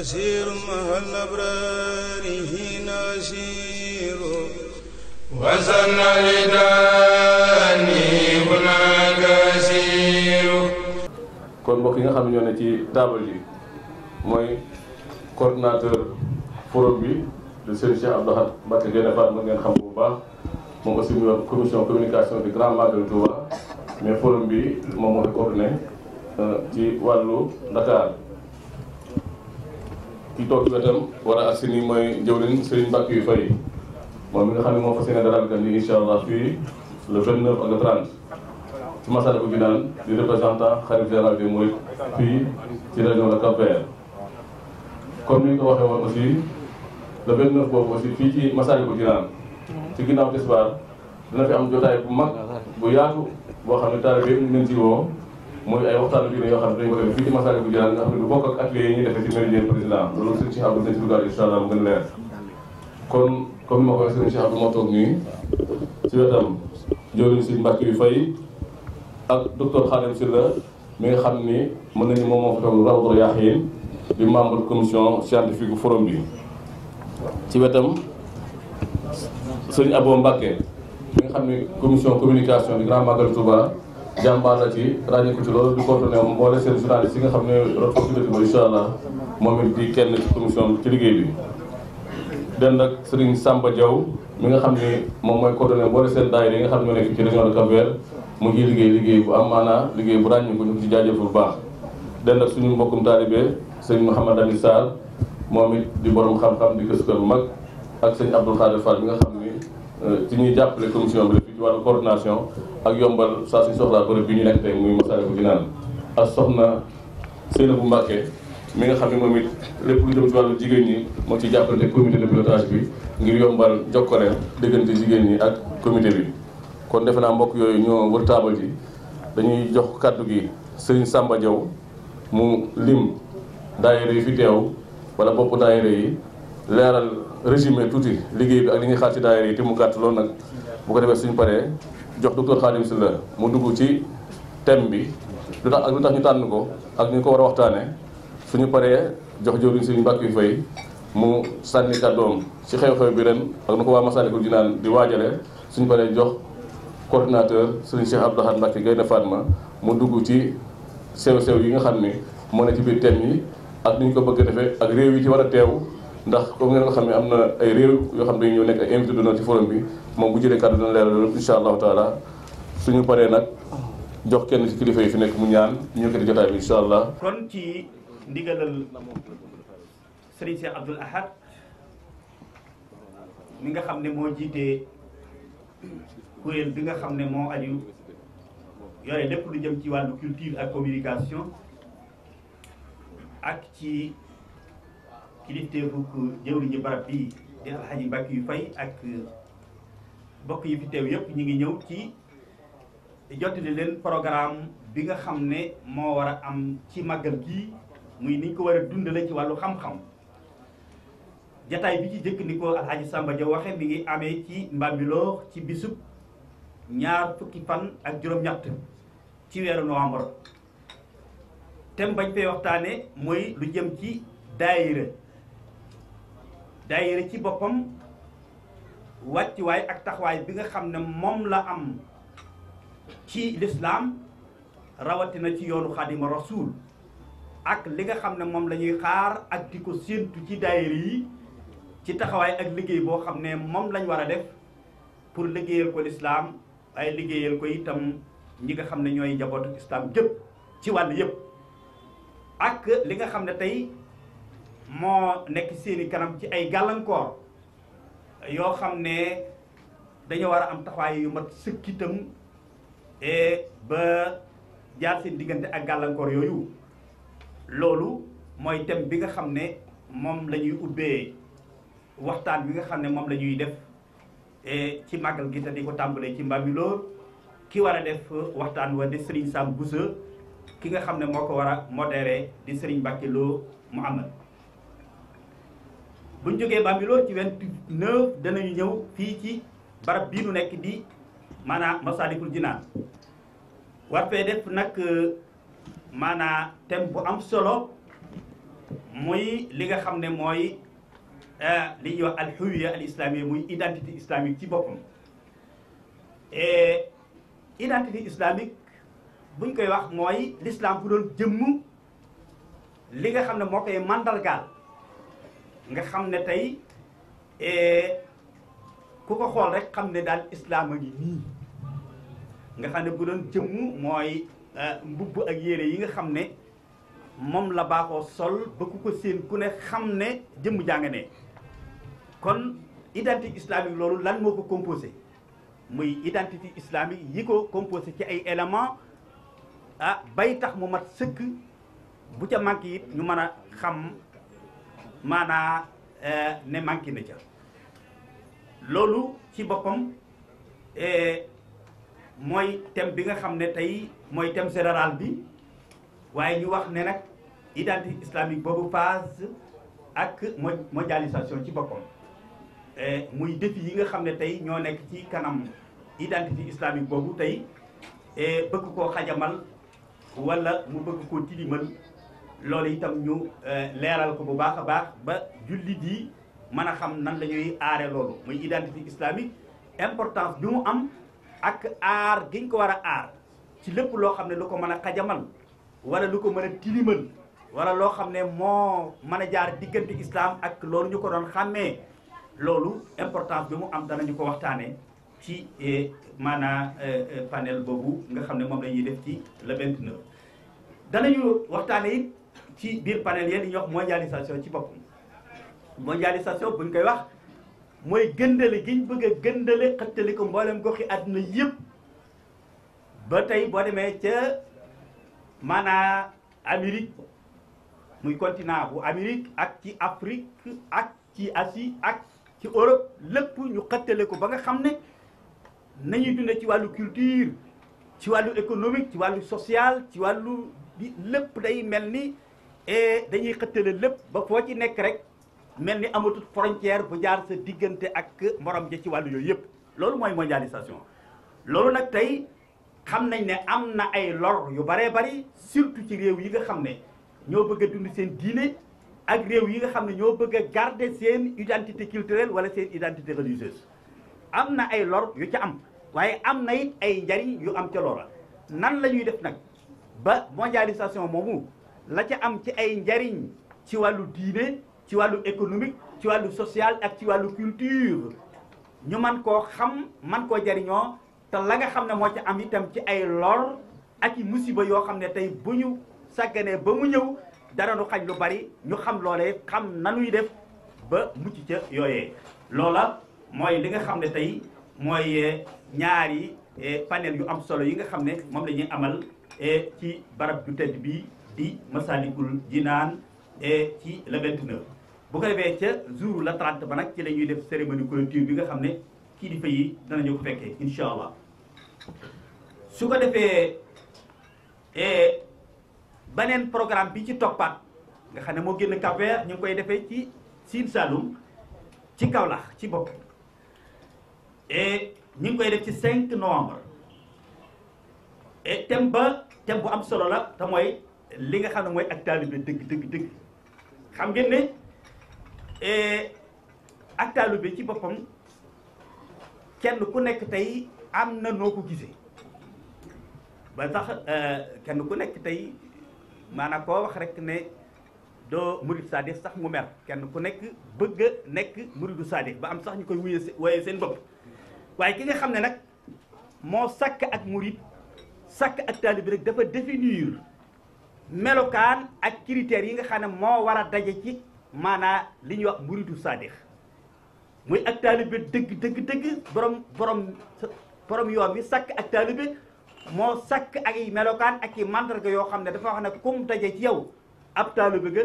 أسير مع الأبرار هنا أسير وزن لداني هناك أسير kon mbokk yi nga xam ne ñoo ne ci taabal yi mooy coordinateur forum bi de Serigne Cheikh Abdou Khadre Mbacké Gaïndé ngeen xam bu baax moom aussi mu yor commission communication du Grand Magal Touba mais forum bi moom moo fi coordonné euh, ci wàllu Dakar ki toog ci wetam war a askan wi mooy jëwriñ Serigne Mbacke yu fay moom mi nga xam ne moo fas yéene dara gan yi allah fii le 29 ak le 30 ci Massalikul Jinaan di représentant xarit général des Mourides fii ci région de Cap-Vert. comme ni ñu ko waxee woon aussi le 29 boobu aussi fii ci Massalikul Jinaan ci ginnaaw tisbaar dina fi am jotaay bu mag bu yaatu boo xam ne taalibe yëpp ñu ngi leen woo. mooy ay waxtaanu diine yoo xam ne dañ ko bu jëlaat nga xam ne du bokk ak atelier yi ñuy defee ci méridien président loolu sëñ Cheikh Abdou sëñ mu gën yu fay ak xam ni mën nañu moom moo fa toog Rawdou commission wetam sëñ Abo Mbacke mi nga communication du Grand Magal Touba jàmbaar la ci ràññeeku ci loolu di continuer moom boole seen journaliste yi nga xam ne responsabilité ba incha allah moom it di kenn ci commission ci liggéey bi. den nag Serigne Samba Diaw mi nga xam ne moom mooy coordonné boole seen daayira yi nga xam ne nekk ci région de cap mu ngi liggéey liggéey bu am maanaa liggéey bu ràññeeku ñu ngi ci jaajëf bu baax. den nag suñu mbokkum taalibe sëñ Mouhamed Ali Sarr moom it di borom xam-xam di gëstu bu mag ak sëñ Abdoul Khadir Fall mi nga xam Euh, ci ñuy jàppale commission bi fii ci wàllu coordination ak yombal saa suñu soxlaa bërëb bi ñu nekk tey muy Massalikul Jinaan ak soxna Seynabou Mbacké mi nga xam ne moom it lépp lu jëm ci wàllu jigéen ñi moo ci jàppale comité de pilotage bi ngir yombal jokkale diggante jigéen ñi ak comité bi kon defe naa mbokk yooyu ñoo wër taabal ji dañuy jox kàddu gi Serigne Samba Diaw mu lim daayira yi fi teew wala bopp daayira yi leeral résumé tuuti liggéey bi ak li nga xaar ci daayira yi te mu gàtt loolu nag bu ko defee suñu paree jox docteur Khadim la mu dugg ci thème bi lu tax ak lu tax ñu tànn ko ak ñu ko war a waxtaanee suñu paree jox jëwriñ suñu mbàkk yu fay mu sànni kàddoom ci xew-xew bi ren ak nu ko waa Masaalikul Jinaan di waajale suñu paree jox coordinateur sëriñ Cheikh Abdou Lahad Mbacké Gaïndé Fatma mu dugg ci sew sew yi nga xam ni moo na ci biir thème yi ak ni ñu ko bëgg ak réew yi ci war a teew ndax comme ngeen nga xam ne am na ay réew yoo xam ne ñoo nekk ay invité d'honneur ci forum bi moom bu jëlee kàddu dina leeral loolu incha allahu taala suñu paree nag jox kenn ci kilifa yi fi nekk mu ñaan ñu yëkkati jotaay bi incha allah. kon ci ndigalal Serigne Cheikh Abdoul Ahad mi nga xam ne moo jiitee kuréel bi nga xam ne moo aju yore lépp lu jëm ci wàllu culture ak communication ak ci. kilifteeku jëwriñu barab bi di alxaji Mbàkke yu fay ak mbokk yi fi teew yëpp ñu ngi ñëw ci jottali leen programme bi nga xam ne moo war a am ci màggal gii muy niñ ko war a dundale ci wàllu xam-xam jataay bi ci jëkk ni ko alxaji Samba waxe mi ngi amee ci Mbambilor ci bisub ñaar fukki fan ak juróom-ñett ci weeru novembre thème bañ fay waxtaane mooy lu jëm ci daayira daayira ci boppam wàccuwaay ak taxawaay bi nga xam ne moom la am ci lislaam rawatina ci yoonu xaadima rasuul ak li nga xam ne moom lañuy xaar ak di ko séentu ci daayira yi ci taxawaay ak liggéey boo xam ne moom lañ war a def pour liggéeyal ko lislaam ay liggéeyal ko itam ñi nga xam ne ñooy njabootu islam gépp ci wàll yëpp ak li nga xam ne tey moo nekk seeni kanam ci ay gàllankoor yoo xam ne dañoo war a am taxawaay yu mat sëkkitam et ba jaar seen diggante ak gàllankoor yooyu loolu mooy thème bi nga xam ne moom lañuy ñuy ubbee waxtaan bi nga xam ne moom la ñuy def e ci màggal gi te di ko tàmbalee ci Mbambilor ki war a def waxtaan wa di Serigne Sam Bousso ki nga xam ne moo ko war a modéré di Serigne Mbacké Lo Mouhamad bu ñu jógee Bambilor ci vingt-neuf danañu ñëw fii ci barab bii nu nekk di maanaam Masaalikul Jinaan war fee def nag euh, maanaam thème bu am solo muy li nga xam ne mooy euh, li ñuy wax alxuwiya al islamiyya muy identité islamique ci boppam identité islamique buñ koy wax mooy l'islam bu doon jëmm li nga xam ne moo koy mandargaal nga xam ne tey e, ku ko xool rek xam ne daal islaam a ngi nii nga xam ne bu doon jëmm mooy e, mbubb ak yére yi nga xam ne moom la baaxoo sol ba ku ko séen ku ne xam ne jëmm jàng ne kon identité islamique loolu lan moo ko composé muy identité islamique yi ko composé ci ay éléments ah bay tax mu mat sëkk bu ca manqué it ñu mën a xam maanaa eh, ne manqué na ca loolu ci boppam eh, mooy thème bi nga xam ne tey mooy thème général bi waaye ñu wax ne nag identité islamique boobu phase ak mondialisation ci boppam eh, muy défi yi nga xam ne tey ñoo nekk ci kanam identité islamique boobu tey bëgg koo xajamal wala mu bëgg koo tilimal loolu itam ñu euh, leeral ko bu baax a baax ba jullit yi mën a xam nan la ñuy aare loolu muy identité islamique importance bi mu am ak aar giñ ko war a aar ci lépp loo xam ne lu ko mën a xajamal wala lu ko mën a tilimal wala loo xam ne moo mën a jaar diggante islam ak loolu ñu ko doon xàmmee loolu importance bi mu am danañu ko waxtaanee ci euh, maanaam euh, panel boobu nga xam ne moom lañuy def ci le 29 danañu waxtaanee it ci biir panel yéen li ñuy wax mondialisation ci boppam mondialisation buñ koy wax mooy gëndale gi ñu bëgg a gëndale xëttali ko mboolem goxi àdduna yëpp ba tey boo demee ca maanaa Amérique muy continent bu Amérique ak ci Afrique ak ci Asie ak ci Europe lépp ñu xëttale ko ba nga xam ne nañuy dund ci wàllu culture ci wàllu économique ci wàllu social ci wàllu bi lépp day mel ni et dañuy xëttale lépp ba foo ci nekk rek mel ni amatul frontière bu jaar sa diggante ak morom ja ci wàllu yooyu yëpp loolu mooy mondialisation loolu nag tey xam nañ ne am na ay lor yu baree bari surtout ci réew yi nga xam ne ñoo bëgg a dund seen diine ak réew yi nga xam ne ñoo bëgg a garder seen identité culturelle wala seen identité religieuse am na ay lor yu ca am waaye am na it ay njariñ yu am ca loola nan la ñuy def nag ba mondialisation moomu la ca am ci ay njariñ ci wàllu diine ci wàllu économique ci wàllu sociale ak ci wàllu culture ñu man koo xam man koo jariñoo te la nga xam ne moo ca am itam ci ay lor ak i musiba yoo xam ne tey bu ñu sàgganee ba mu ñëw dara nu xañ lu bari ñu xam loole xam nanuy def ba mucc ca yooyee loola mooy li nga xam ne tey mooy eh, ñaari eh, panel yu am solo yi nga xam ne moom lañuy amal eh, ci barab ju tedd bii di Masalikul Jinaan et ci le 29. bu ko defee ca jour la 30 ba nag ci la ñuy def cérémonie clôture bi nga xam ne kii di fa yi danañu ko fekkee incha allah su ko defee e beneen programme bi ci toppaat nga xam ne moo génn Cap-Vert ñu ngi koy defee ci Sine Saloum ci Kaolack ci bopp et ñu ngi koy def ci 5 novembre et ba thème bu am solo la te mooy li nga xam ne mooy ak taalibe dëgg dëgg dëgg xam ngeen ne eh, ak taalibe ci boppam kenn ku nekk tey am na noo ko gisee ba tax eh, kenn ku nekk tey maanaam koo wax rek ne doo murid saadix sax mu mer kenn ku nekk bëgg a nekk muridu saadix ba am sax ñu koy wuye wooyee seen bopp waaye ki nga xam ne nag moo sakk ak murid sàkk ak taalibe rek dafa définir melokaan ak critères yi nga xam ne moo war a daje ci maanaa li ñuy wax muridu saadix muy ak taalibe dëgg dëgg dëgg borom borom borom yoon wi sakk ak taalibe moo sakk ak i melokaan ak i mandarga yoo xam ne dafa wax ne kum daje ci yow ab taalibe ga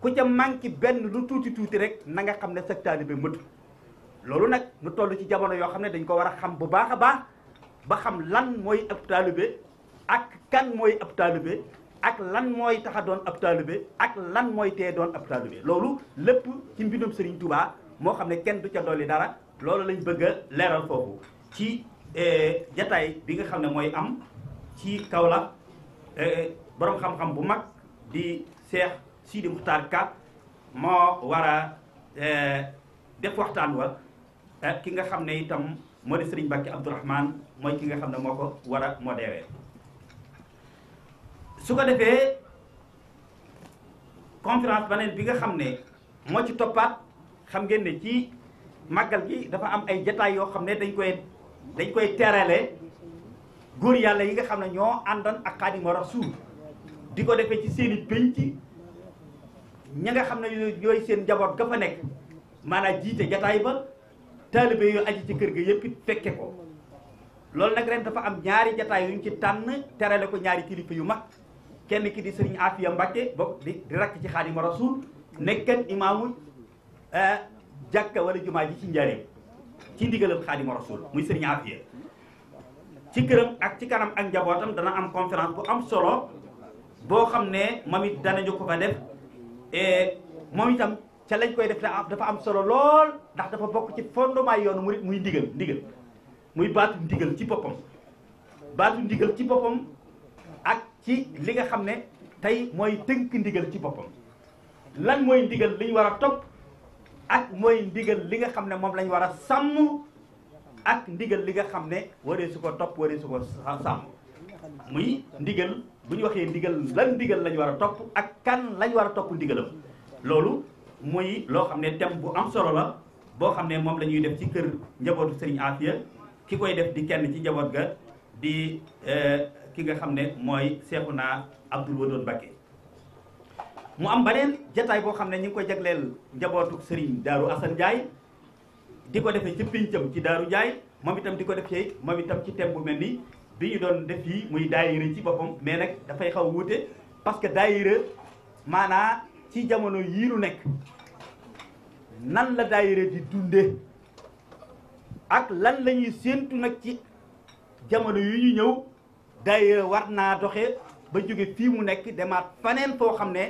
ku ca manqué benn lu tuuti tuuti rek na nga xam ne sag taalibe mëtu loolu nag nu toll ci jamono yoo xam ne dañ ko war a xam bu baax a baax ba xam lan mooy ab taalibe ak kan mooy ab taalibe ak lan mooy tax a doon ab taalibe ak lan mooy tee doon ab taalibe loolu lépp ci mbindum Serigne Touba moo xam ne kenn du ca dolli dara loolu lañu bëgg leeral foofu ci eh, jataay bi nga xam ne mooy am ci Kaolack eh, borom xam-xam bu mag di Cheikh Sidi Moukhtar Ka moo war a eh, def waxtaan wa ki nga xam ne itam moo di sëriñ Mbacke Abdourahmane mooy ki nga xam ne moo ko wara a moo deewee su ko defee conférence beneen bi nga xam ne moo ci toppaat xam ngeen ne ci màggal gi dafa am ay jataay yoo xam ne dañ koy dañ koy terale góor yàlla yi nga xam ne ñoo àndan ak Xaadimu Rasuul di ko defee ci seeni pénc ñu nga xam ne yooyu seen njaboot ga nekk maanaam jiite jataay ba taalibe yooyu aji ci kër gi yëpp it fekke ko loolu nag ren dafa am ñaari jataay yuñ ci tànn terale ko ñaari kilifa yu mag kenn ki di sëriñ Afiya Mbacke bokk di rakk ci Xaadimu Rasuul nekkan imaamu eh, jàkka wala jumaa ji ci njariñ ci ndigalam Xaadimu Rasuul muy sëriñ Afiya ci këram ak ci kanam ak njabootam dana am conférence bu am solo boo xam ne moom it danañu ko fa def eh, moom itam ca lañ koy def dafa am solo lool ndax dafa bokk ci fondement yoonu murit muy ndigal ndigal muy baatu ndigal ci boppam baatu ndigal ci boppam ci li nga xam ne tey mooy tënk ndigal ci boppam lan mooy ndigal li ñu a topp ak mooy ndigal li nga xam ne moom lañ war a sàmm ak ndigal li nga xam ne waree su ko topp waree su ko sàmm muy ndigal bu ñu waxee ndigal lan ndigal lañ war a topp ak kan lañ war a topp ndigalam loolu muy loo xam ne temm bu am solo la boo xam ne moom lañuy ñuy def ci kër njabootu Serigne Afia ki koy def di kenn ci njaboot ga di euh, ki nga xam ne mooy naa Abdul Wadood Mbakke mu am beneen jataay boo xam ne ñu ngi koy jagleel njabootu Serigne Darou Assane Ndiaye di ko defee ci jëm ci Darou Ndiaye moom itam di ko defee moom itam ci thème bu mel ni bi ñu doon def yi muy daayira ci boppam mais nag dafay xaw a wuute parce que daayira maanaa ci jamono yii lu nekk nan la daayira di dunde ak lan lañuy ñuy séentu nag ci jamono yu ñu ñëw d'ailleurs war naa doxee ba jóge fii mu nekk demaat faneen foo xam ne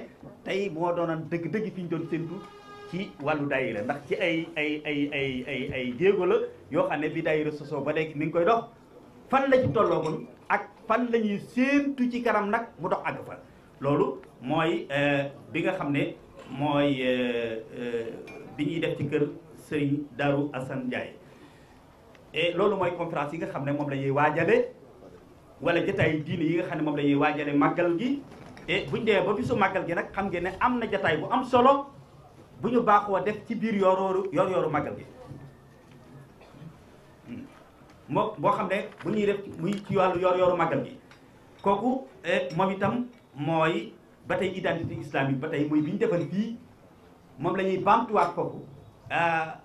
tey moo doonoon dëgg-dëgg fi ñu doon séntu ci wàllu daayira ndax ci ay ay ay ay ay ay jéego la yoo xam ne bi ba léegi mi ngi koy dox fan la ci ak fan la ñuy séentu ci kanam nag mu dox àgg fa loolu mooy euh, bi nga xam ne mooy euh, euh, bi ñuy def ci kër Serigne Darou Assane Ndiaye et loolu mooy conférence yi nga xam ne moom lañuy waajale wala jataayu diine yi nga xam ne moom la ñuy waajale màggal gi te buñ demee ba bisu màggal gi nag xam ngeen ne am na jataay bu am solo bu ñu baaxoo def ci biir yorooru yor yooru màggal gi hmm. moo boo xam ne bu ñuy def muy ci wàllu yor yooru màggal gi kooku eh, moom itam mooy ba tey identité islamique ba tey mooy bi ñu defal fii moom la ñuy baamtuwaat kooku ah,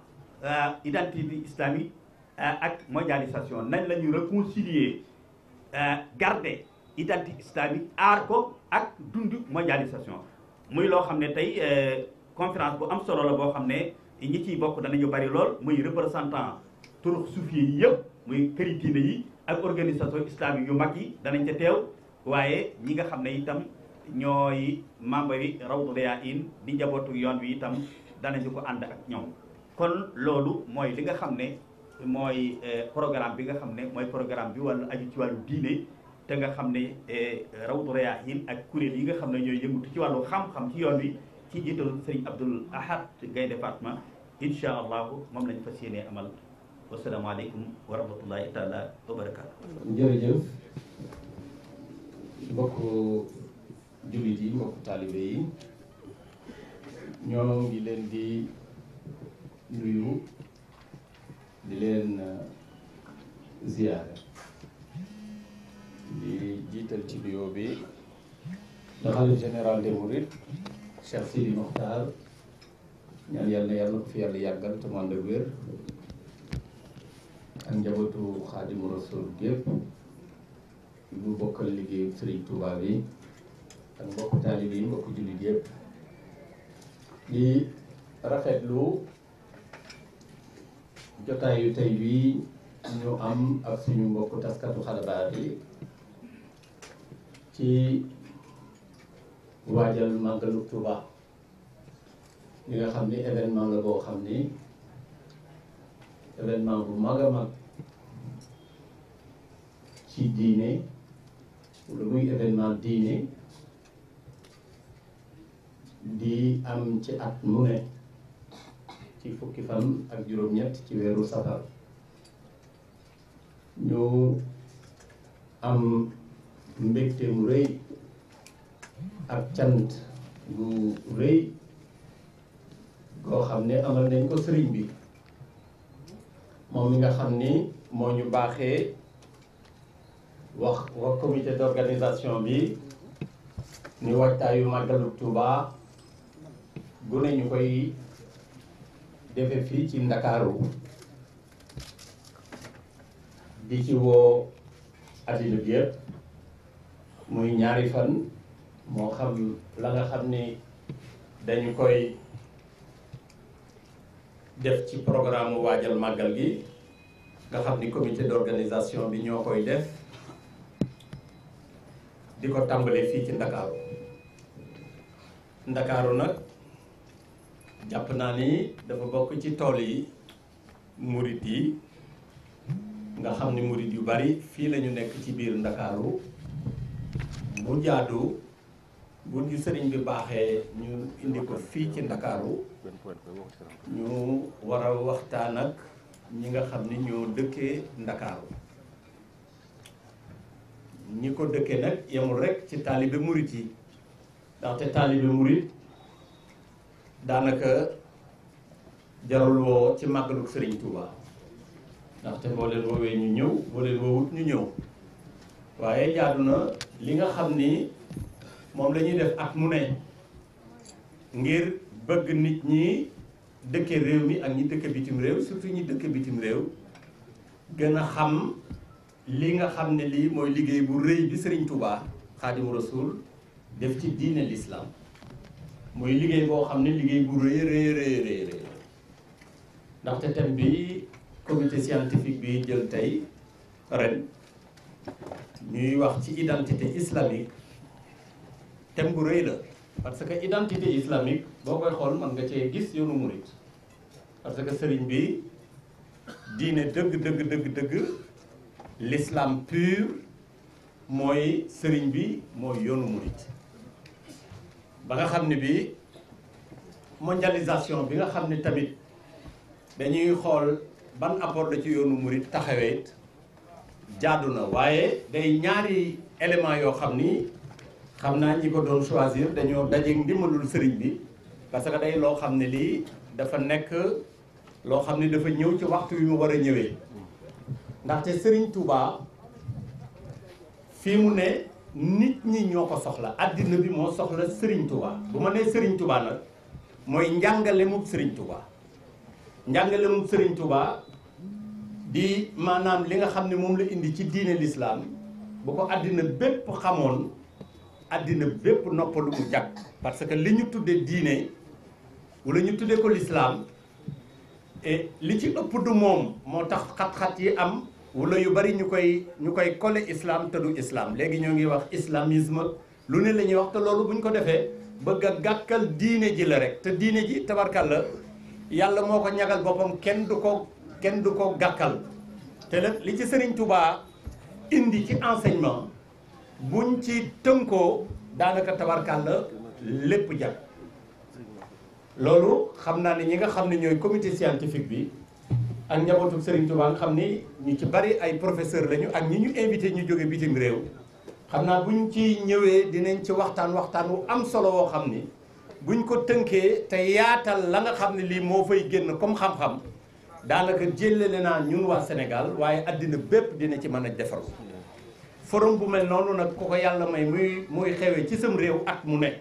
ah, identité islamique ah, ak mondialisation nañ la ñu réconcilier Euh, garder identité islamique aar ko ak dund mondialisation muy loo xam ne tey euh, conférence bu am solo la boo xam ne ñi ciy bokk danañu bari lool muy représentant turux suufiye yi yëpp muy këri diine yi ak organisation islamique yu mag yi danañ ca teew waaye ñi nga xam ne itam ñooy membre yi raw rawdu riyaahin di njabootu yoon wi itam danañu ko ànd ak ñoom kon loolu mooy li nga xam ne mooy eh, programme bi nga xam ne mooy programme bi wàllu aju ci wàllu diine te nga xam ne eh, rawdu rayaahin ak kuréel yi nga xam ne ñooy yëngatu ci wàllu xam-xam ci yoon wi ci jiitalu sëriñ Abdoul Ahad Gaye département incha allahu moom lañ fas yéenee amal wasalaamaaleykum wa rahmatullahi taala wa barakaatu. jërëjëf mbokku yi mbokku taalibe yi ñoo ngi leen di nuyu. di leen uh, ziyaare di jiital ci nuyoo bi le khalife général des mourides Cheikh Sidi Mokhtar ñaan yàlla yàlla fi yàlla yàggal te mu ànd ak wér ak njabootu xaadimu rasul gépp bu bokkal liggéeyu Sëriñ Tuubaa bi ak mbokk taalibe yi mbokk jullit yépp di rafetlu jotaay yu tey ñu am ak suñu mbokk taskatu xalabaar yi ci waajal màggalu Tuuba ñi nga xam ni événement la boo xam ni événement bu mag a mag ci diine lu muy événement diine di am ci at mu ne ci fukki fan ak juróom-ñett ci weeru safar ñu am mbégte mu rëy ak cant bu rëy goo xam ne amal nañ ko sëriñ bi moom mi nga xam ni moo ñu baaxee wax wax comité d'organisation bi ni waajtaayu màggalu Tuuba gune ñu koy defee fii ci Ndakaaru di ci woo addina bi yëpp muy ñaari fan moo xam la nga xam ni dañu koy def ci programme waajal màggal gi nga xam ni comité d'organisation bi ñoo koy def di ko tàmbale fii ci Ndakaaru Ndakaaru nag jàpp naa ni dafa bokk ci tool yi murit yi nga xam ni murit yu bari fii lañu nekk ci biir ndakaaru bu jaadu bu ñu sëriñ bi baaxee ñu indi ko fii ci ndakaaru ñu war a waxtaan ak ñi nga xam ni ñoo dëkkee ndakaaru ñi ko dëkkee nag yemul rek ci taalibe murit yi ndaxte taalibe murit daanaka jarul woo ci màggalu sëriñ Touba ndaxte boo leen woowee ñu ñëw boo leen woowut ñu ñëw waaye jaadu na li nga xam ni moom lañuy def ak mu ne ngir bëgg nit ñi dëkke réew mi ak ñi dëkk bitim réew surtout ñi dëkk bitim réew gën a xam li nga xam ne lii mooy liggéey bu rëy bi Serigne Touba Xaadimu Rasuul def ci diine l'islam mooy liggéey boo xam ne liggéey bu rëy rëy rëy rëy ndaxte thème bi comité scientifique bi jël tey ren ñuy wax ci identité islamique thème bu rëy la parce que identité islamique boo koy xool mën nga cee gis yoonu murit parce que sëriñ bi diine dëgg dëgg dëgg dëgg l'islam pur mooy sëriñ bi mooy yoonu murit ba nga xam ne bii mondialisation bi nga xam ne tamit dañuy xool ban apport la ci yoonu murit taxawee it na waaye day ñaari élément yoo xam ni xam naa ñi ko doon choisir dañoo daje ndimbalul sëriñ bi parce que day loo xam ne lii dafa nekk loo xam ne dafa ñëw ci waxtu wi mu war a ñëwee ndaxte sëriñ Touba fii mu ne nit ñi ñoo ko soxla àddina bi moo soxla Serigne Touba bu ma nee Serigne Touba nag mooy njàngale mu Serigne Touba njàngale mu Serigne Touba di maanaam li nga xam ne moom la indi ci diine lislaam bu ko addina bépp xamoon addina bépp noppalu mu jàkk parce que li ñu tuddee diine wala ñu tudde ko l'islam li ci ëpp du moom moo tax xat-xat yi am wala yu bari ñu koy ñu koy collé islam te islaam léegi ñoo ngi wax islamisme lu ne la ñuy wax te loolu bu ñu ko defee bëgg a gàkkal diine ji la rek te diine ji tabarkal la yàlla moo ko ñagal boppam kenn du ko kenn du ko gàkkal te nag li ci Serigne Touba indi ci enseignement buñ ci tënkoo daanaka tabarkal la lépp jag loolu xam naa ne ñi nga xam ne ñooy comité scientifique bi ak njabootu Serigne Touba nga xam ni ñu ci bari ay professeur lañu ak ñi ñu invité ñu jóge bitim réew xam naa buñ ci ñëwee dinañ ci waxtaan waxtaan wu am solo woo xam ni buñ ko tënkee te yaatal la nga xam ne lii moo fay génn comme xam-xam daanaka jëlale naa ñun waa senegal waaye addina bépp dina ci mën a defaru forum bu mel noonu nag ku ko yàlla may muy muy xewee ci sam réew at mu ne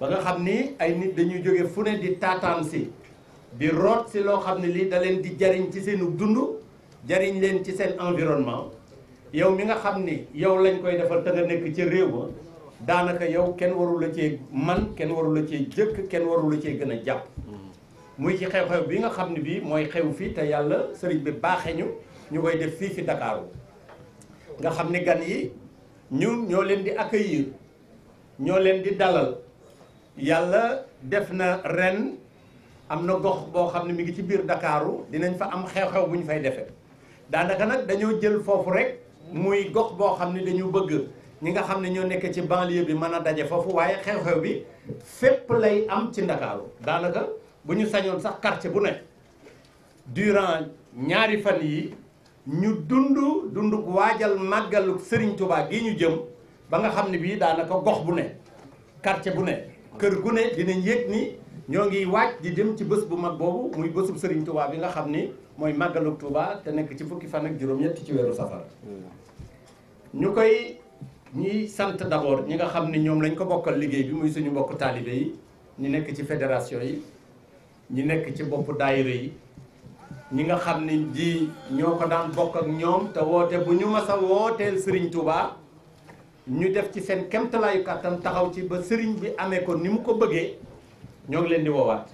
ba nga xam ni ay nit dañuy jóge fu ne di taataan si di root si loo xam ne lii da di jariñ ci seenu dund jariñ leen ci seen environnement yow mi nga xam ni yow lañ koy defal te nga nekk ci réew ma daanaka yow kenn waru la cee man kenn waru la cee jëkk kenn waru la cee gën a jàpp muy ci xew-xew bi nga xam ne bii mooy xew fii te yàlla sëriñ bi baaxee ñu ñu koy def fii fi Ndakaaru nga xam ni gan yi ñun ñoo leen di accueillir ñoo leen di dalal yàlla def na ren am na gox boo xam ne mi ngi ci biir ndakaaru dinañ fa am xew-xew bu ñu fay defee daanaka nag dañoo jël foofu rek muy gox boo xam ne dañu bëgg ñi nga xam ne ñoo nekk ci banlieue bi mën a daje foofu waaye xew-xew bi fépp lay am ci ndakaaru daanaka bu ñu sañoon sax quartier bu nekk durant ñaari fan yi ñu dund dund waajal màggalu Serigne Touba gi ñu jëm ba nga xam ne bii daanaka gox bu ne quartier bu ne kër gu ne dinañ yëg ni ñoo ngi waaj di jëm ci bës bu mag boobu muy bësu Serigne Touba bi nga xam ni mooy màggalu Touba te nekk ci fukki fan ak juróom-ñett ci weeru safar ñu koy ñuy sant d'abord ñi nga xam ni ñoom lañ ko bokkal liggéey bi muy suñu mbokk taalibe yi ñi nekk ci fédération yi ñi nekk ci bopp daay yi ñi nga xam ni ji ñoo ko daan bokk ak ñoom te woote bu ñu mas a wooteel Serigne Touba ñu def ci seen kemtalaayu kàttan taxaw ci ba sëriñ bi amee ko ni mu ko bëggee. ñoo ngi leen di woowaat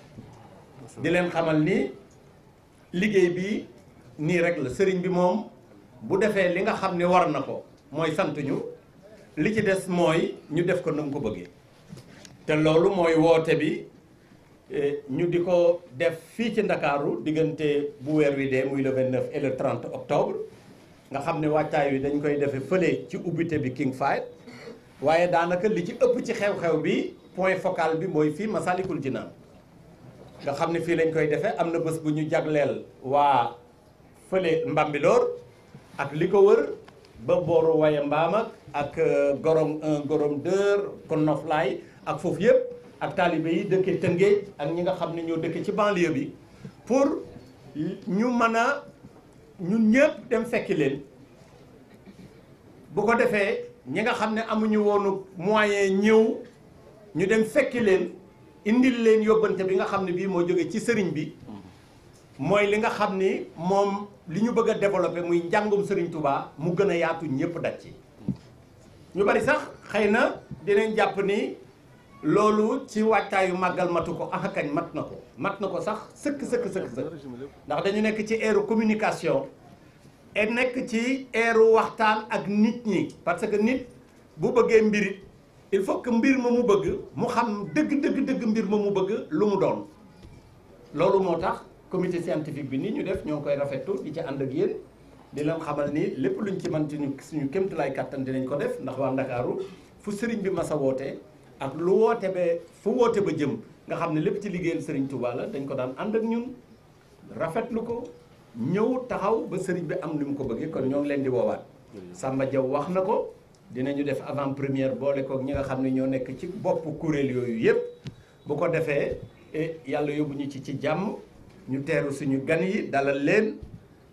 di leen xamal ni liggéey bi nii rek la sëriñ bi moom bu defee li nga xam ne war na ko mooy sant ñu li ci des mooy ñu def ko nam ko bëggee te loolu mooy woote bi e, ñu di ko def fii ci ndakaaru diggante bu weer wi dee muy le 29 et le 30 octobre nga xam ne wàccaay wi dañ koy defe fële ci ubbite bi King Fahd waaye daanaka li ci ëpp ci xew-xew bi point focal bi mooy fii Masalikul Jinaan nga xam ne fii lañ koy defee am na bës bu ñu jagleel waa fële Mbambilor ak li ko wër ba booru waye mbaam ak euh, gorom gorom 2 kon noflaay ak foofu yëpp ak taalibe yi dëkke Tëngéej ak ñi nga xam ne ñoo dëkke ci banlieue bi pour ñu mën a ñun ñëpp dem fekki leen bu ko defee ñi nga xam ne amuñu woonu moyen ñëw ñu dem fekki leen indil leen yóbbante bi nga xam ne bii moo jóge ci sëriñ bi mooy li nga xam ni moom li ñu bëgg a développé muy njàngum sëriñ Touba mu gën a yaatu ñëpp daj ci ñu bari sax xëy na dinañ jàpp ni loolu ci waajtaayu màggal matu ko axakañ ah mat na ko mat na ko sax sëkk sëkk sëkk sëkk ndax dañu nekk ci ère communication et nekk ci ère waxtaan ak nit ñi parce que nit bu bëggee mbirit il faut que mbir ma mu bëgg mu xam dëgg dëgg dëgg mbir ma mu bëgg lu mu doon loolu moo tax comité scientifique bi ni ñu def ñoo koy rafetlu di ci ànd ak yéen di leen xamal ni lépp luñ ci mën ci suñu kéemtalaay kàttan dinañ ko def ndax waa Ndakaaru fu sëriñ bi ma a woote ak lu woote ba fu woote ba jëm nga xam ne lépp ci liggéeyal sëriñ Touba dañ ko daan ànd ak ñun rafetlu ko ñëw taxaw ba sëriñ bi am lu mu ko bëggee kon ñoo ngi leen di woowaat Samba wax na ko. dinañu def avant première boole kook ñi nga xam ne ñoo nekk ci bopp kuréel yooyu yëpp bu ko defee eh, yàlla yóbbu ñu ci ci jàmm ñu teeru suñu gan yi dala leen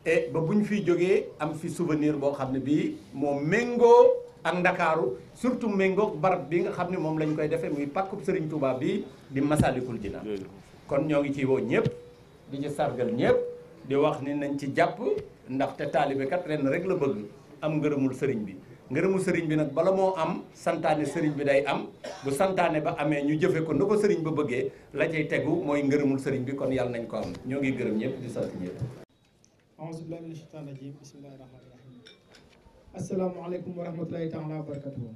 eh, ba bu ñu fiy jógee am fi souvenir boo xam ne bii moom méngoo ak ndakaaru surtout méngoo barab bi nga xam ne moom lañ koy defee muy pàkkub Serigne tubaab bi di Masalikul Jinaan kon ñoo ngi ci woo ñëpp di ci sargal ñëpp di wax ni nañ ci jàpp ndaxte taalibe kat ren rek la bëgg am ngërëmul sëriñ bi ngërëmu sëriñ bi nag bala moo am santaane sëriñ bi day am bu santaane ba amee ñu jëfe ko nu sëriñ ba bëggee la cay tegu mooy ngërëmul sëriñ bi kon yàlla nañ ko am ñoo ngi gërëm ñëpp di sant ñëpp aouzu billahi mina shaytaani rajim bismillahi rahmani rahim asalaamaaleykum wa rahmatulahi taala wa barakatuhu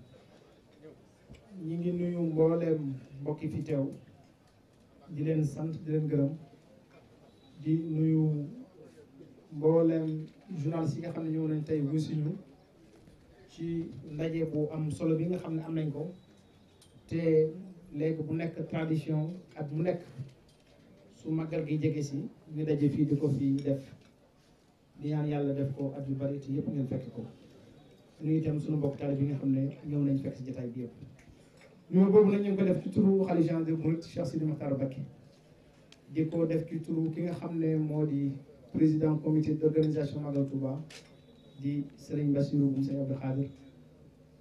ñi ngi nuyu mbooleem mbokki fi teew di leen sant di leen gërëm di nuyu mbooleem journaliste yi nga xam ne ñëw nañ tey wuy suñu ci ndaje bu am solo bi nga xam ne am nañ ko te léegi bu nekk tradition ak mu nekk su màggal gi jege si ñu daje fii di ko fii def di ñaan yàlla def ko at yu bari te yëpp ngeen fekk ko ñu itam suñu mbokk taal bi nga xam ne ñoom nañ fekk si jotaay bi yëpp ñoom boobu nag ñu def ci turu xalifa général des mourides Cheikh Sidi Makhtar Mbacké di ko def ci turu ki nga xam ne moo di président comité d' organisation Magal Touba di Serigne Bassirou bu Serigne Abdou Khadir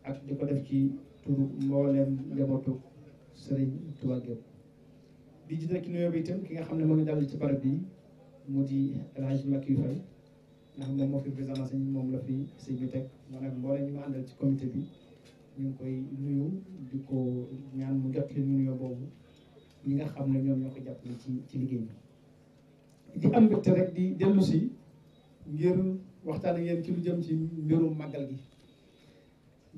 ak di ko def ci turu mbooleem njabootu Serigne Touba gépp di gis nag nuyoo bi itam ki nga xam ne moo ngi dal ci barab bi mu di El Hadj Macky Faye ndax moom fi président moom la fi sëñ bi teg man ak mboolem ñu ma àndal ci comité bi ñu ngi koy nuyu di ko ñaan mu jot leen nuyoo boobu ñi nga xam ne ñoom ñoo ko jàppale ci ci liggéey bi. di am mbégte rek di dellu ngir. waxtaan ak yéen ci lu jëm ci mbirum màggal gi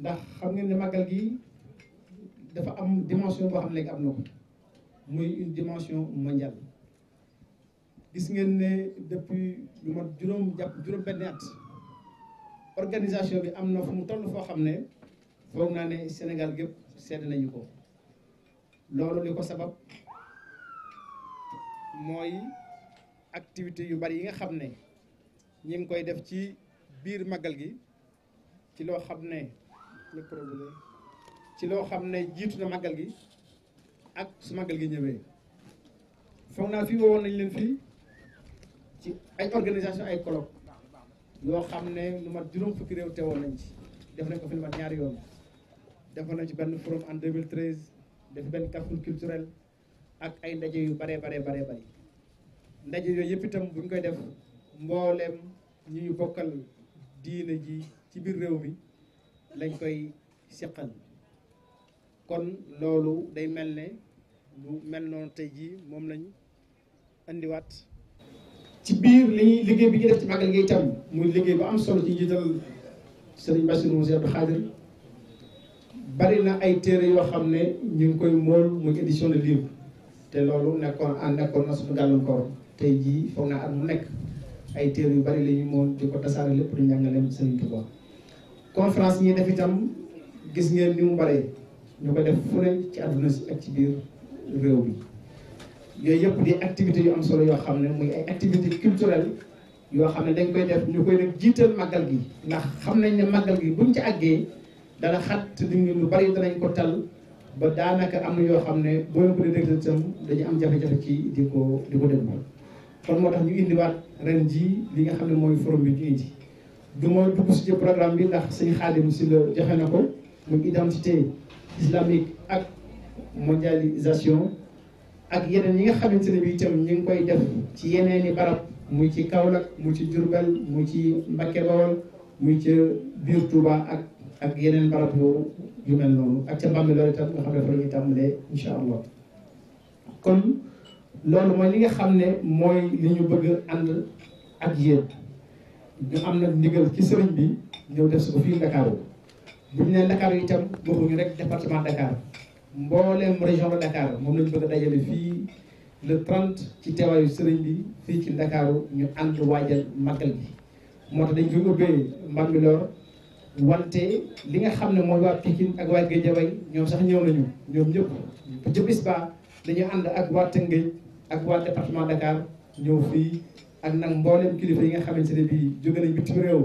ndax xam ngeen ne màggal gi dafa am dimension boo xam ne léegi am na ko muy une dimension mondiale gis ngeen ne depuis lu mat juróom jàpp juróom-benn at organisation bi am na fu mu toll foo xam ne foog naa ne Sénégal gépp sedd nañu ko loolu li ko sabab mooy activité yu bari yi nga xam ne ñi ngi koy def ci biir màggal gi ci loo xam ne ci loo xam ne jiitu na màggal gi ak su magal gi ñëwee foog naa fii wowoon nañ leen fii ci ay organisation ay colloque loo xam ne lu mat juróom fukki réew teewoon nañ ci def nañ ko fi lu ñaari yoon defoon ci benn forum en 2013 def benn capsule culturel ak ay ndaje yu bare bare bare bari ndaje yooyu yëpp itam bu ñu koy def mbooleem ñi ñu bokkal diine ji ci biir réew mi lañ koy siqal kon loolu day mel ne lu mel noonu tey jii moom lañ indiwaat ci biir li ñuy liggéey bi ñuy def ci màggal gi itam muy liggéey bu am sol ci njiital sëriñ Bassirou Moussa Abdou Khadir bari na ay téere yoo xam ne ñu ngi koy mool muy édition de livre te loolu nekkoon ànd nekkoon na suñu gàllankoor tey jii foog naa at mu nekk ay téere yu bari la ñu moom di ko tasaare lépp di njàngaleem Serigne ko conférence ñi def itam gis ngeen li mu bare ñu ko def fu ci àdduna si ak ci biir réew bi yooyu yëpp di activité yu am solo yoo xam ne muy ay activités culturelles yoo xam ne dañ koy def ñu koy nag jiital màggal gi ndax xam nañ ne màggal gi buñ ci àggee dana xat li lu bari danañ ko tal ba daanaka am na yoo xam ne boo leen ko dee déglu itam dañu am jafe-jafe ci di ko di ko déglu kon moo tax ñu indiwaat ren jii li nga xam ne mooy forum bi ñu indi du ma dugg si programme bi ndax sëñ Xaadim si la joxe na ko muy identité islamique ak mondialisation ak yeneen yi nga xamante ne bi tam ñu ngi koy def ci yeneen i barab muy ci kaw nag muy ci Diourbel muy ci Mbacké Bawol muy ca biir Touba ak ak yeneen barab yu yu mel noonu ak ca Mbambilor itam nga xam ne fa la ñuy tàmbalee allah kon. loolu mooy li nga xam ne mooy li ñu bëgg ànd ak yéen ñu am na ndigal ci sëriñ bi ñëw def su ko fii Ndakaaru bu ñu nee Ndakaaru itam waxuñu rek département Dakar mbooleem région de Dakar moom lañu bëgg a dajale fii le 30 ci teewaayu sëriñ bi fii ci Ndakaaru ñu ànd waajal màggal bi moo tax dañ koy ubbee Mbambilor wante li nga xam ne mooy waa Pikine ak waa Guédiawaye ñoom sax ñëw nañu ñoom ñëpp ci bis dañu ànd ak waa Tëngéej ak waa département Dakar ñëw fii ak nag mboolem kilifa yi nga xamante ne bii jóge nañ bitim réew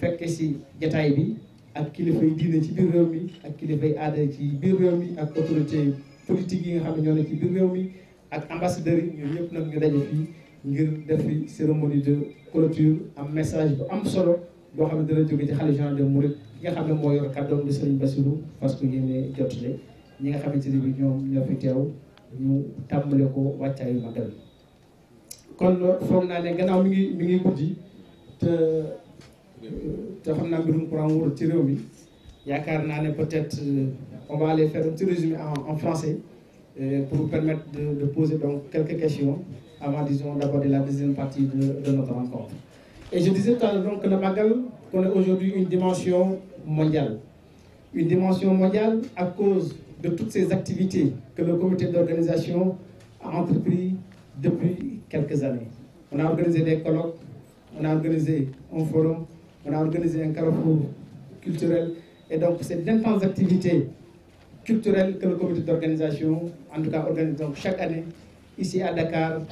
fekke si jataay bi ak kilifa yi diine ci biir réew mi ak kilifa yi aada ci biir réew mi ak autorité politique yi nga xam ne ñoo ne ci biir réew mi ak ambassadeurs yi ñoom ñëpp nag ñu daje fii ngir def fi cérémonie de clôture am message bu am solo boo xam ne dana jóge ci xalifa général mu mourides ki nga xam ne moo yor kàddoom di Serigne Bassirou parce que yéen jotale ñi nga xamante ne bii ñoom ñoo fi ñu tàmbale ko wàccaayu magal bi kon foog naa ne gannaaw mi ngi mi ngi guddi te xam naa mbirum courant wóorul ci réew mi yaakaar naa ne peut-être euh, on va aller faire un petit résumé en en français euh, pour vous permettre de de poser donc quelques questions avant disons d'aborder la deuxième partie de de rencontre. Et je disais tout à l'heure Magal connaît aujourd'hui une dimension mondiale. Une dimension mondiale à cause de toutes ces activités que le comité d'organisation a entrepris depuis quelques années. On a organisé des colloques, on a organisé un forum, on a organisé un carrefour culturel. Et donc, c'est d'intenses activités culturelles que le comité d'organisation, en tout cas, organise donc chaque année, ici à Dakar,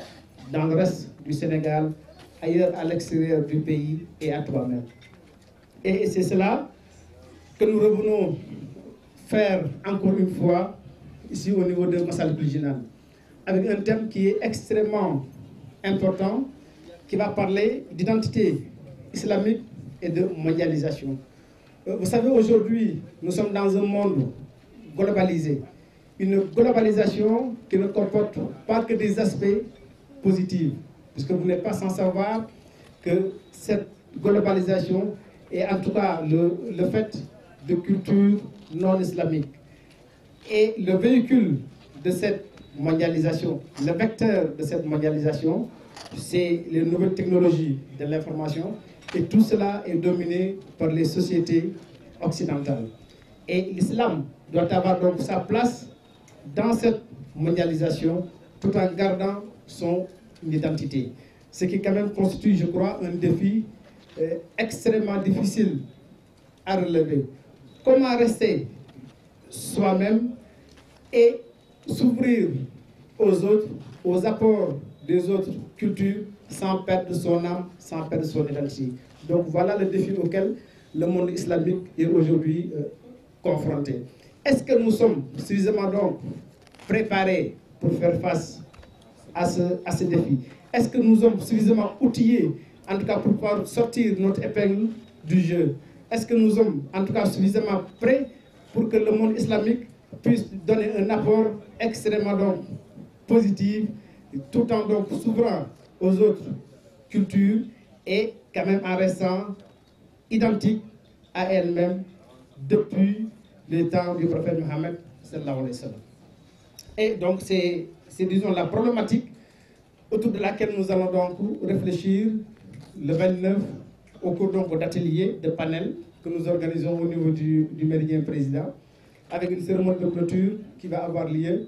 dans le reste du Sénégal, ailleurs à l'extérieur du pays et à Trois-Mers. Et c'est cela que nous revenons faire encore une fois ici au niveau de Massal Pluginal, avec un thème qui est extrêmement important, qui va parler d'identité islamique et de mondialisation. Euh, vous savez, aujourd'hui, nous sommes dans un monde globalisé. Une globalisation qui ne comporte pas que des aspects positifs, puisque vous n'êtes pas sans savoir que cette globalisation, et en tout cas le, le fait de culture non islamique. Et le véhicule de cette mondialisation, le vecteur de cette mondialisation, c'est les nouvelles technologies de l'information. Et tout cela est dominé par les sociétés occidentales. Et l'islam doit avoir donc sa place dans cette mondialisation tout en gardant son identité. Ce qui quand même constitue, je crois, un défi euh, extrêmement difficile à relever. comment rester soi-même et s'ouvrir aux autres, aux apports des autres cultures sans perdre son âme, sans perdre son identité. Donc voilà le défi auquel le monde islamique est aujourd'hui euh, confronté. Est-ce que nous sommes suffisamment donc préparés pour faire face à ce, défi Est-ce que nous sommes suffisamment outillés, en tout cas pour pouvoir sortir notre épingle du jeu Est-ce que nous sommes en tout cas pour que le monde islamique puisse donner un apport tout en donc s'ouvrant aux autres cultures et quand en restant identique à elle-même depuis le temps du prophète Mohammed sallallahu alayhi wa sallam. Et donc c'est, la problématique autour de laquelle nous allons donc au cours donc d'ateliers, de panels que nous organisons au niveau du, du Président, avec une cérémonie de clôture qui va avoir lieu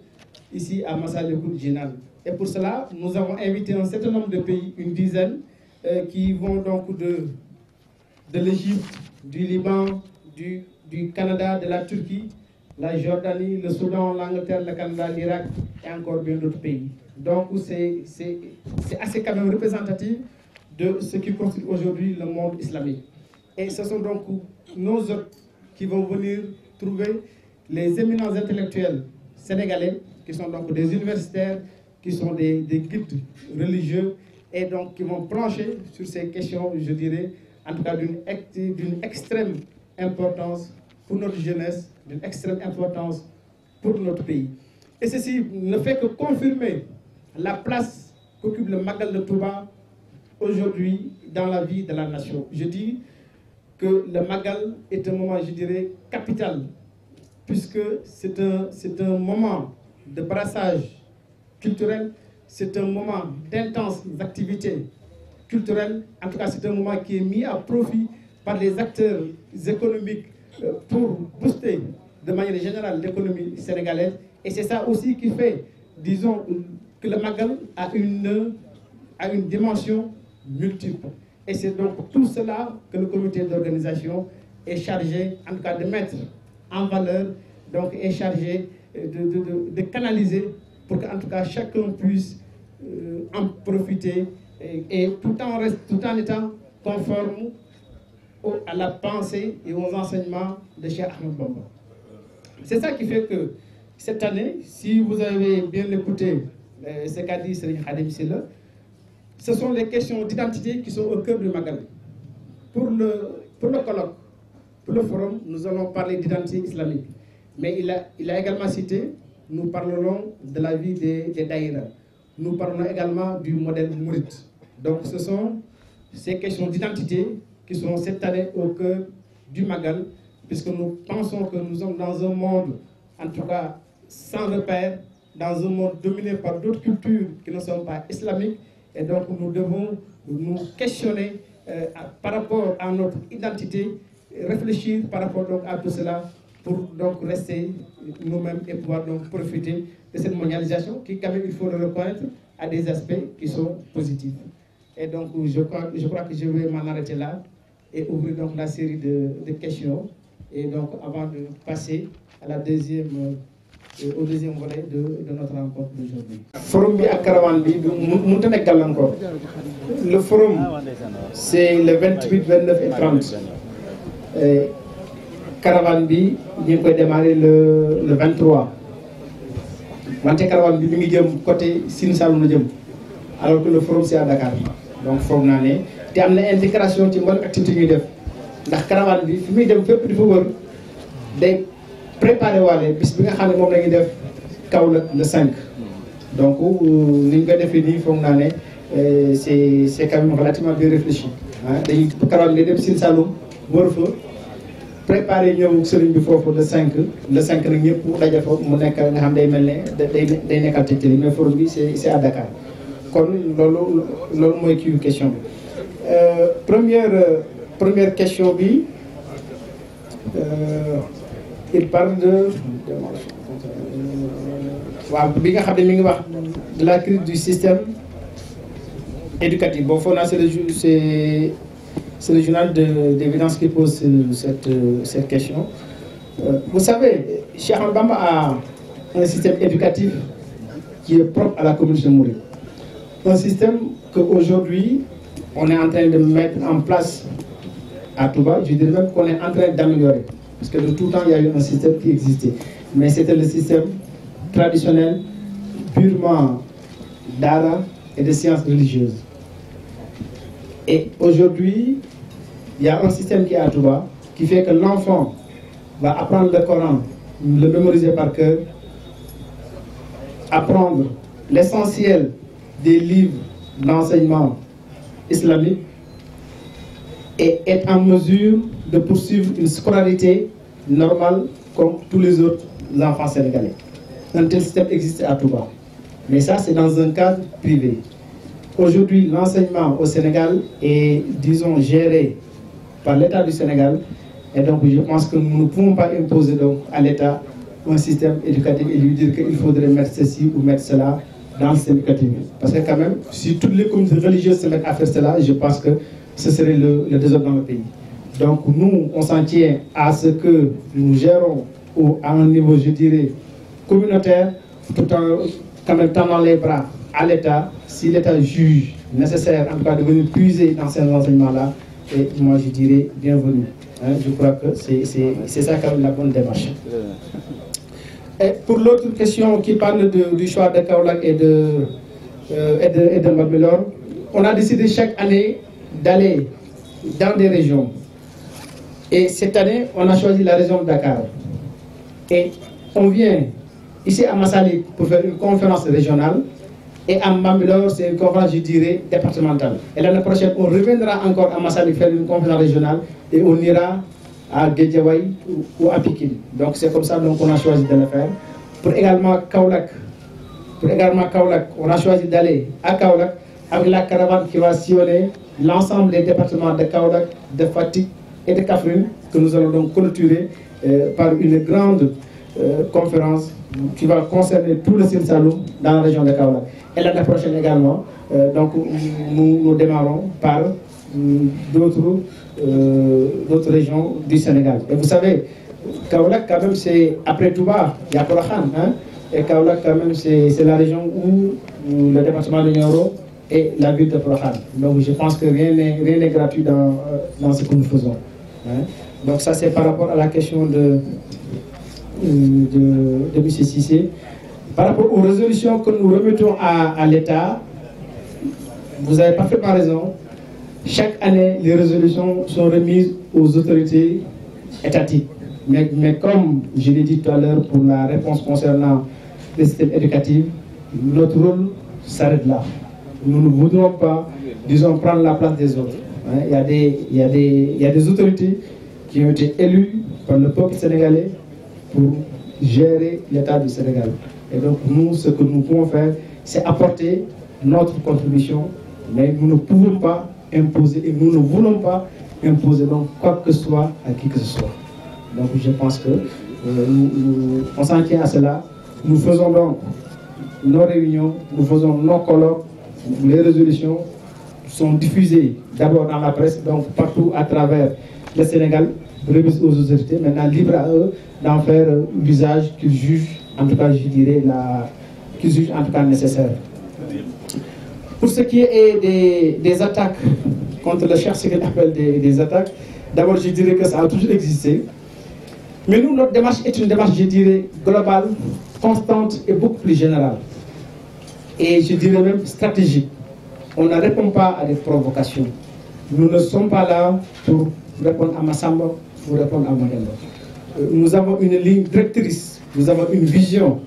ici à Massa de Jinan. Et pour cela, nous avons invité un certain nombre de pays, une dizaine, euh, qui vont donc de, l'Égypte, du Liban, du, Canada, de la Turquie, la Jordanie, le Soudan, l'Angleterre, le Canada, l'Irak et encore bien d'autres pays. Donc c'est assez quand même représentatif de ce qui constitue aujourd'hui le monde islamique. Et ce sont donc nos hôtes qui vont venir trouver les éminents intellectuels sénégalais, qui sont donc des universitaires, qui sont des, des guides religieux, et donc qui vont pencher sur ces questions, je dirais, en tout cas d'une extrême importance pour notre jeunesse, d'une extrême importance pour notre pays. Et ceci ne fait que confirmer la place qu'occupe le Magal de Touba aujourd'hui dans la vie de la nation. Je dis que le Magal est un moment, je dirais, capital, puisque c'est un, c'est un moment de brassage culturel, c'est un moment d'intenses activités culturelles. En tout cas, c'est un moment qui est mis à profit par les acteurs économiques euh, pour booster de manière générale l'économie sénégalaise. Et c'est ça aussi qui fait, disons, que le Magal a une dimension multiples. Et c'est donc tout cela que le comité d'organisation est chargé, en tout de mettre en valeur, donc est chargé euh, de, de, de, de canaliser pour qu'en tout cas chacun puisse euh, en profiter et, et tout, en reste, tout en étant conforme au, à la pensée et aux enseignements de Cheikh Ahmed Bamba. C'est ça qui fait que cette année, si vous avez bien écouté euh, ce qu'a dit Serigne Khadim Silla, ce sont les questions d'identité qui sont au cœur du Magal. Pour le, pour le colloque, pour le forum, nous allons parler d'identité islamique. Mais il a, il a également cité, nous parlerons de la vie des, des daïras. Nous parlons également du modèle Mourid. Donc ce sont ces questions d'identité qui seront cette année au cœur du Magal, puisque nous pensons que nous sommes dans un monde, en tout cas sans repère, dans un monde dominé par d'autres cultures qui ne sont pas islamiques, Et donc nous devons nous questionner euh, par rapport à notre identité, réfléchir par rapport donc à tout cela pour donc rester nous-mêmes et pouvoir profiter de cette mondialisation qui, quand il faut le reconnaître, a des aspects qui sont positifs. Et donc je crois, que je vais m'en arrêter là et ouvrir donc la série de questions. Et donc avant de passer à la deuxième au deuxième volet de de notre rencontre d'aujourd'hui forum bi ak caravane bi mu mënut a nekk gàllankoor le forum c'est le vingt 29 et 30 caravane bi ñu ngi koy démarrer le le 23 wante caravane bi mi ngi jëm côté Sine Saloum la jëm alors que le forum c'est à Dakar donc foog naa ne te am na intégration ci mboolem activité ñuy def ndax caravane bi fi muy dem fépp di fa day. préparé waale bis bi nga xam ne moom la ñuy def Kaolack le 5 donc euh, ni ñu ko defee nii foog naa ne euh, c'est c'est quand même relativement bien réfléchi ah dañuy Kaolack nga dem Sine Saloum wër fa préparé ñëw sëriñ bi foofu le cinq le cinq nag ñëpp daje fa mu nekk nga xam day mel ne day day nekkal ci kii mais forum bi c'est c'est kon loolu loolu mooy kii question bi euh, première première question bi. il parle de bi nga xam ne mi ngi wax la crise du système éducatif bon foog naa c'est le c'est c'est le journal de d'évidence qui pose cette cette question euh, vous savez Cheikh Ahmadou a un système éducatif qui est propre à la communauté mouride un système que aujourd'hui on est en train de mettre en place à Touba je dirais qu'on est en train d'améliorer Parce que de tout temps, il y a eu un système qui existait. Mais c'était le système traditionnel, purement d'ara et de sciences religieuses. Et aujourd'hui, il y un système qui est à qui fait que l'enfant va apprendre le Coran, le mémoriser par cœur, apprendre l'essentiel des livres d'enseignement islamique et être en mesure de poursuivre une scolarité normale comme tous les autres enfants sénégalais. Un tel système existe à Touba. Mais ça, c'est dans un cadre privé. Aujourd'hui, l'enseignement au Sénégal est, disons, géré par l'État du Sénégal. Et donc, je pense que nous ne pouvons pas imposer donc à l'État un système éducatif et dire qu'il faudrait mettre cela dans le système éducatif. Parce que quand même, si toutes les communautés religieuses se mettent à faire cela, je pense que ce le, le Donc nous, on s'en tient à ce que nous gérons ou à un niveau, communautaire, tout en quand même les bras à l'État, si l'État juge nécessaire, en tout cas, de venir puiser dans ces enseignements-là, et moi je dirais bienvenue. je crois que c'est ça quand la bonne démarche. pour l'autre question qui parle de, du choix de Kaolak et de, euh, on a décidé chaque année d'aller dans des régions Et cette année, on a choisi la région de Dakar. Et on vient ici à Massali pour faire une conférence régionale. Et à Mbambilor, c'est une conférence, je départementale. Et l'année prochaine, on reviendra encore à Massali faire une conférence régionale et on ira à Guédiawaï ou à Pikine. Donc c'est comme ça qu'on a choisi de le Pour également Kaulak, on a choisi d'aller à Kaulak avec la caravane qui va sillonner l'ensemble des départements de Kaulak, et de Catherine, que nous allons donc clôturer euh, par une grande euh, conférence qui va concerner tout le Sine Saloum dans la région de Kaolack. Et l'année prochaine également, euh, donc nous, nous démarrons par mm, d'autres euh, d'autres régions du Sénégal. Et vous savez, Kaolack quand même c'est après Touba, il y a Porokhane, hein? Et Kaolack quand même c'est la région où, où le département de Nioro et la ville de Porokhane. Donc je pense que rien n'est rien n'est gratuit dans euh, dans ce que nous faisons. Hein? Donc ça, c'est par rapport à la question de, euh, de, de M. Par rapport aux résolutions que nous remettons à, à l'État, vous avez parfaitement raison. Chaque année, les résolutions sont remises aux autorités étatiques. Mais, comme je l'ai dit tout à l'heure pour la réponse concernant le système éducatif, notre rôle s'arrête là. Nous ne voudrons pas, disons, prendre la place des autres. Il y, a des, il, y a des, il y a des autorités qui ont été élues par le peuple sénégalais pour gérer l'État du Sénégal. Et donc nous, ce que nous pouvons faire, c'est apporter notre contribution, mais nous ne pouvons pas imposer et nous ne voulons pas imposer donc quoi que ce soit à qui que ce soit. Donc je pense que euh, nous, nous, on s'en tient à cela. Nous faisons donc nos réunions, nous faisons nos colloques, les résolutions, sont diffusés d'abord dans la presse, donc partout à travers le Sénégal, remise aux autorités, maintenant libre à eux d'en faire euh, l'usage qu'ils jugent, en tout cas je dirais, la, qu'ils jugent en tout cas nécessaire. Pour ce qui est des, des attaques contre le cher, ce qu'on appelle des, des attaques, d'abord je dirais que ça a toujours existé. Mais nous, notre démarche est une démarche, je dirais, globale, constante et beaucoup plus générale. Et je dirais même stratégique. on ne répond pas à des provocations. Nous ne sommes pas là pour répondre à Massamba, pour répondre à Mademba. Euh, nous avons une ligne directrice, nous avons une vision.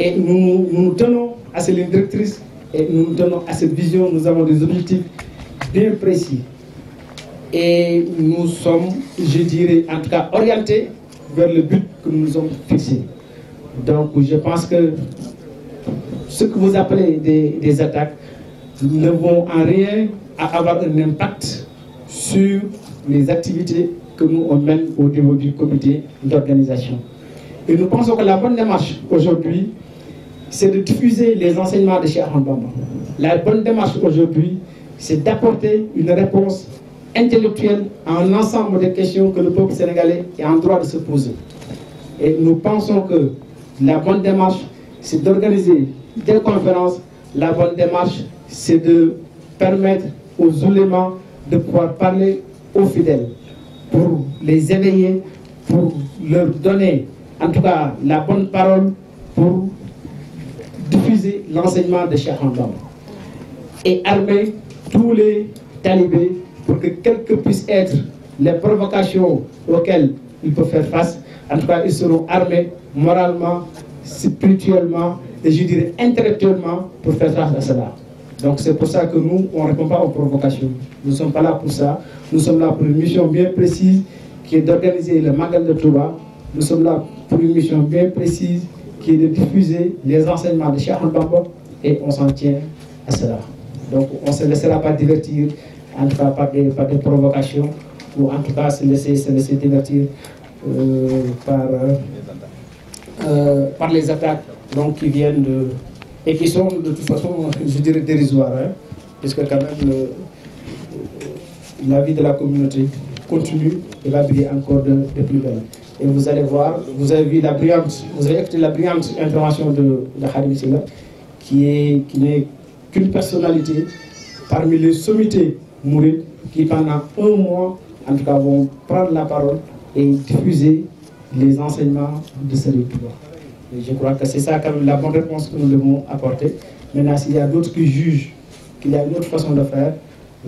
Et nous tenons à cette ligne directrice et nous tenons à cette vision. Nous avons des objectifs bien Et nous sommes, je dirais, en tout cas orientés vers le but que nous nous sommes fixés. Donc je pense que ce que vous appelez des attaques, nous n'avons en rien à avoir un impact sur les activités que nous on mène au niveau du comité d'organisation. Et nous pensons que la bonne démarche aujourd'hui, c'est de diffuser les enseignements de Cheikh Ahmed La bonne démarche aujourd'hui, c'est d'apporter une réponse intellectuelle à un ensemble de questions que le peuple sénégalais est en droit de se poser. Et nous pensons que la bonne démarche, c'est d'organiser des conférences. La bonne démarche, c'est de permettre aux oulémas de pouvoir parler aux fidèles, pour les éveiller, pour leur donner en tout cas la bonne parole, pour diffuser l'enseignement de Cheikh Anta et armer tous les talibés pour que quelles que puissent être les provocations auxquelles ils peuvent faire face, en tout cas ils seront armés moralement, spirituellement et je dirais intellectuellement pour faire face à cela. Donc c'est pour ça que nous, on ne répond pas aux provocations. Nous ne sommes pas là pour ça. Nous sommes là pour une mission bien précise qui est d'organiser le Magal de Touba. Nous sommes là pour une mission bien précise qui est de diffuser les enseignements de Cheikh Bamba et on s'en tient à cela. Donc on ne se laissera pas divertir, par des, provocations, ou en tout cas se laisser, divertir euh, euh, par, les attaques qui viennent de, et qui sont de toute façon, je dirais, dérisoires, hein, puisque quand même le, euh, la vie de la communauté continue de la briller encore de, de, plus belle. Et vous avez la brillante, vous avez écouté la brillante intervention de, de Harim Silla, qui est qui n'est qu'une personnalité parmi les sommités mourides qui pendant un mois, en tout cas, vont prendre la parole et diffuser les enseignements de ce je crois que c'est ça quand la bonne réponse que nous devons apporter. Maintenant, s'il y a d'autres qui jugent qu'il y a une autre façon de faire,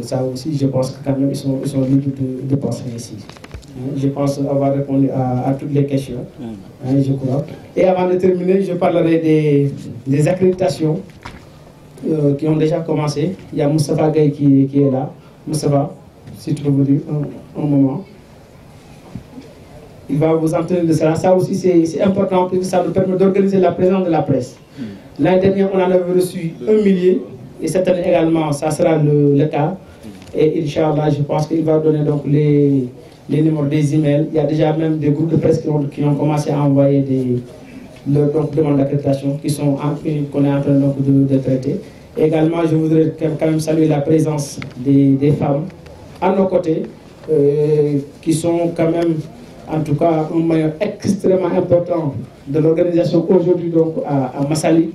ça aussi, je pense que quand même, sont, ils sont Je pense avoir répondu à, à toutes les questions, mm. hein, je crois. Et avant de terminer, je parlerai des, des accréditations euh, qui déjà commencé. Il y a Moustapha Gay qui, qui, est Moustapha, si tu peux moment. il va vous entraîner de cela. Ça aussi, c'est important parce que ça nous permet d'organiser la présence de la presse. Hmm. L'année dernière, on en avait reçu un millier et cette également, ça sera qu'il va donner donc les, les numéros des emails. Il y a déjà même des groupes de presse qui ont, qui ont commencé à envoyer des leurs demandes qui sont qu'on donc de, de, traiter. Et également, je voudrais quand même saluer la présence des, des femmes à nos côtés euh, qui sont quand même en tout cas un maillon extrêmement important de l'organisation aujourd'hui donc à, à Massali.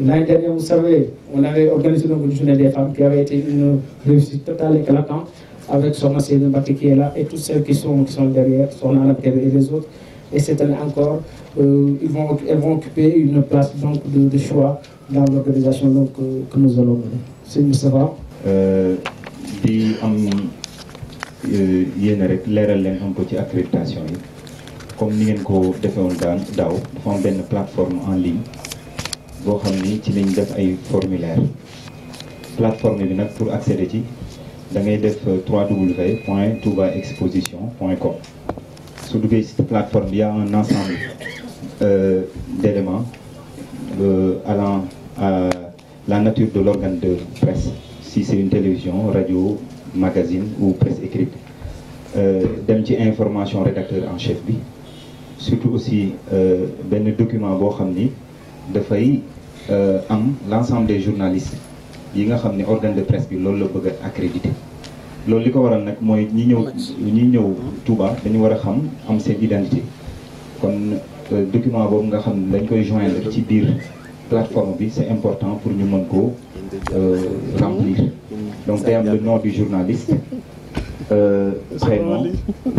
L'année dernière, vous savez, on avait organisé donc une journée des femmes qui avait été une réussite totale éclatante avec son ancienne qui est là et toutes celles qui qui sont derrière, son et les autres. Et cette année encore, euh, elles vont occuper une place donc, de, choix dans l'organisation donc, euh, que nous allons mener. C'est une Euh, yéene rek leeral leen un peu ci accréditation yi comme ni ngeen ko defee woon daan daaw dafa am benn plateforme en ligne boo xam ni ci lañ def ay formulaire plateforme yi nag pour accéder ci da ngay def www point touba exposition point com su duggee ci plateforme bi y a ensemble euh, d'éléments euh, allant à la nature de l'organe de presse si c'est une télévision radio magazine ou presse écrite euh, dem ci information rédacteur en chef bi surtout aussi euh, benn document boo xam ni dafay euh, am l'ensemble des journalistes yi nga xam ne organe de presse bi loolu la bëgg a accrédité loolu li ko waral nag mooy ñi ñëw ñi ñëw Touba dañu war a xam am seen identité kon document boobu nga xam ne dañ koy joindre ci biir plateforme bi c'est important pour ñu mën ko remplir donc day am le nom du journaliste euh, prénom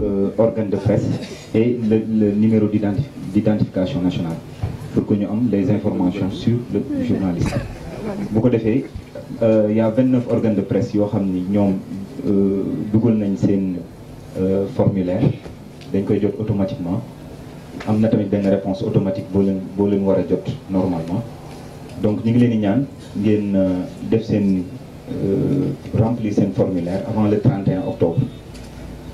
euh, de presse et le, numéro d'identification nationale pour que ñu am les informations sur le journaliste bu ko defee euh, yaa a 29 organes de presse yoo xam ni ñoom euh, dugal nañ seen euh, formulaire dañ koy jot automatiquement am na tamit benn réponse automatique boo leen boo leen war a jot normalement donc ñu ngi leen di ñaan ngeen def seen Euh, remplir seen formulaire avant le 31 octobre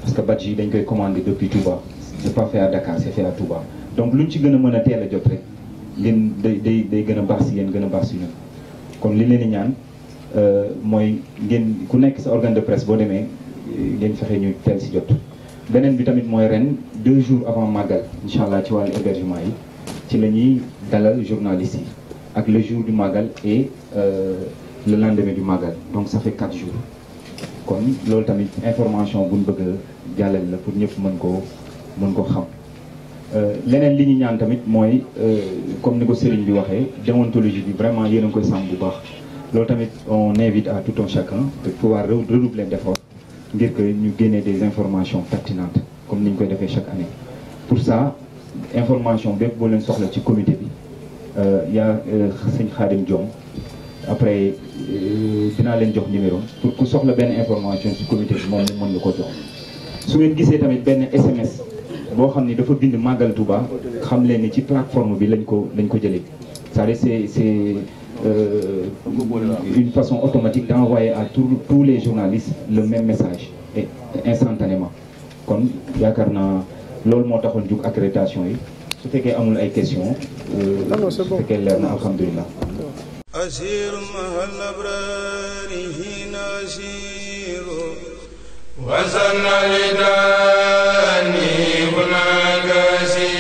parce que badge yi dañ koy commandé depuis Touba c'est pas fait à Dakar c'est fait à Touba donc luñ ci gën a mën a teel a jot rek ngeen day day day gën a baax si yéen gën a baax si ñun kon li leen di ñaan euh, mooy ngeen ku nekk sa organ de presse boo demee euh, ngeen fexe ñu teel si jot beneen bi tamit mooy ren deux jours avant màggal incha allah ci wàllu hébergement yi ci la ñuy dalal journalistes yi ak le jour du màggal et le lendemain du Magal donc ça fait quatre jours kon loolu tamit information bu ñu bëgg a la pour ñëpp mën koo mën ko xam euh, leneen li ñu ñaan tamit mooy euh, comme ni ko Serigne bi waxee déontologie bi vraiment yéen a ngi koy sàmm bu baax loolu tamit on invite à tout un chacun de pouvoir redoubler d'efforts ngir que ñu génnee des informations pertinentes comme ni ñu koy defee chaque année pour ça information bépp boo soxla ci comité bi euh, y a sëñ Khadim Diom dinaa euh, leen jox numéro pour ku soxla benn information ci comité bi moom ñu mën la ko jox su ngeen gisee tamit benn SMS boo xam ne dafa bind màggal Touba xam leen ni ci plateforme bi lañ ko lañ ko jëlee c'est-à-dire c'est c'est euh, une façon automatique d'envoyer à tous tous les journalistes le même message et kon yaakaar na loolu moo taxoon jug accréditation yi su fekkee amul ay questions euh, su fekkee leer na alhamdulilah أسير مع الأبرار هنا أسير وزن لداني هناك أسير